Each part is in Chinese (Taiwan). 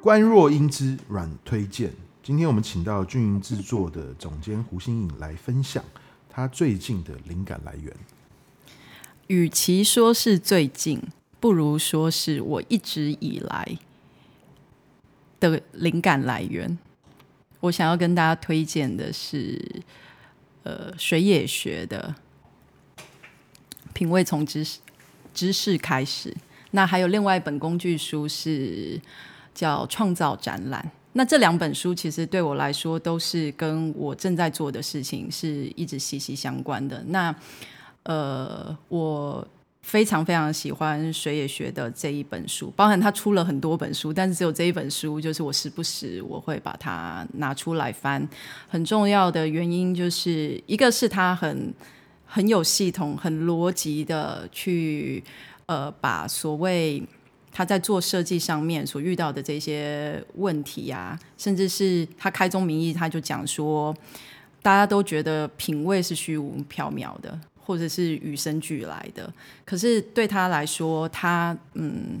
關若英之阮推薦，今天我們請到軍營製作的總監胡忻儀來分享他最近的靈感來源。與其說是最近，不如說是我一直以來的靈感來源，我想要跟大家推薦的是，呃，水野學的《品味從知識知識開始》。那還有另外一本工具書是叫《創造展覽》。那這兩本書其實對我來說都是跟我正在做的事情是一直息息相關的。那呃，我。非常非常喜歡水野學的這一本書，包含他出了很多本書，但是只有這一本書，就是我時不時我會把它拿出來翻。很重要的原因就是一個是他很很有系統、很邏輯的去呃把所謂他在做設計上面所遇到的這些問題啊，甚至是他開宗明義他就講說，大家都覺得品味是虛無縹緲的。或者是與生俱來的，可是對他來說，他嗯，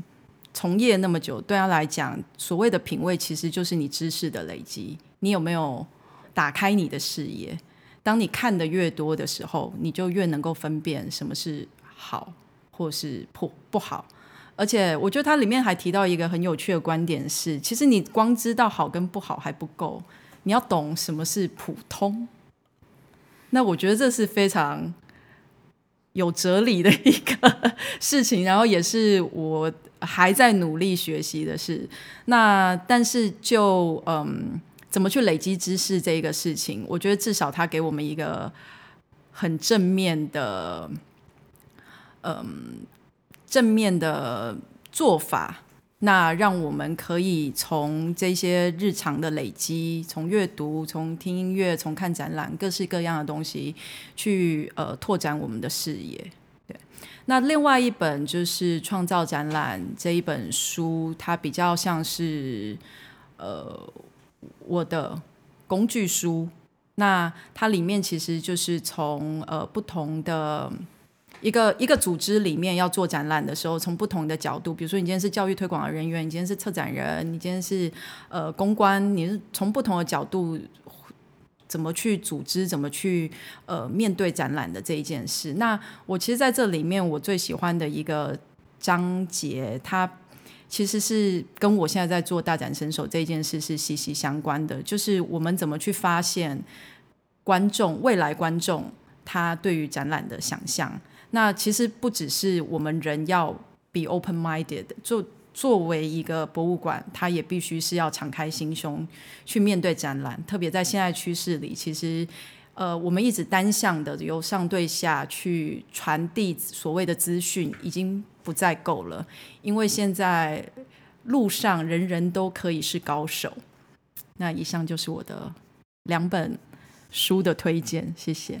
從業那麼久，對他來講，所謂的品味，其實就是你知識的累積。你有沒有打開你的視野？當你看得越多的時候，你就越能夠分辨什麼是好，或是不不好。而且，我覺得他裡面還提到一個很有趣的觀點是：其實你光知道好跟不好還不夠，你要懂什麼是普通。那我覺得這是非常。有哲理的一個事情，然後也是我還在努力學習的事。那但是就嗯，怎麼去累積知識這一個事情，我覺得至少他給我們一個很正面的，嗯，正面的做法。那讓我們可以從這些日常的累積，從閱讀、從聽音樂、從看展覽，各式各樣的東西，去呃拓展我們的視野。對，那另外一本就是《創造展覽》這一本書，它比較像是呃我的工具書。那它裡面其實就是從呃不同的。一個一個組織裡面要做展覽的時候，從不同的角度，比如說你今天是教育推廣的人員，你今天是策展人，你今天是呃公關，你是從不同的角度怎麼去組織，怎麼去呃面對展覽的這一件事。那我其實在這裡面，我最喜歡的一個章節，它其實是跟我現在在做大展身手這件事是息息相關的，就是我們怎麼去發現觀眾，未來觀眾他對於展覽的想象。那其實不只是我們人要 be open-minded，作作為一個博物館，它也必須是要敞開心胸去面對展覽。特別在現在趨勢裡，其實，呃，我們一直單向的由上對下去傳遞所謂的資訊，已經不再夠了，因為現在路上人人都可以是高手。那以上就是我的兩本書的推薦，謝謝。